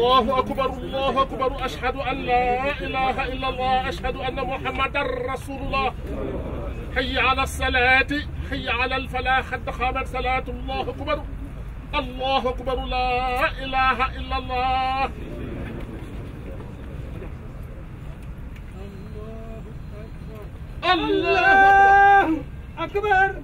الله أكبر الله أكبر أشهد أن لا إله إلا الله أشهد أن محمدا رسول الله حي على الصلاة حي على الفلاح قد قامت صلاة الله أكبر الله أكبر لا إله إلا الله الله أكبر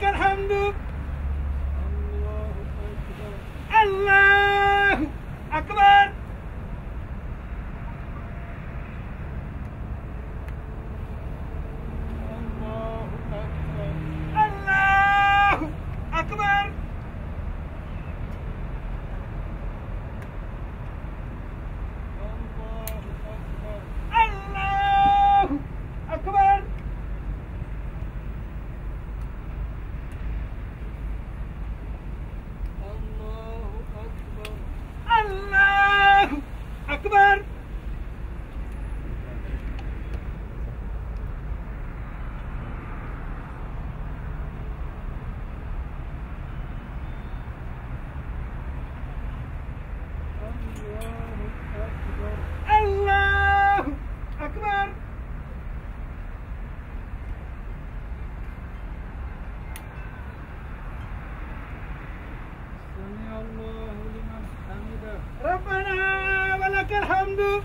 لك الحمد الله أكبر الله أكبر Ende.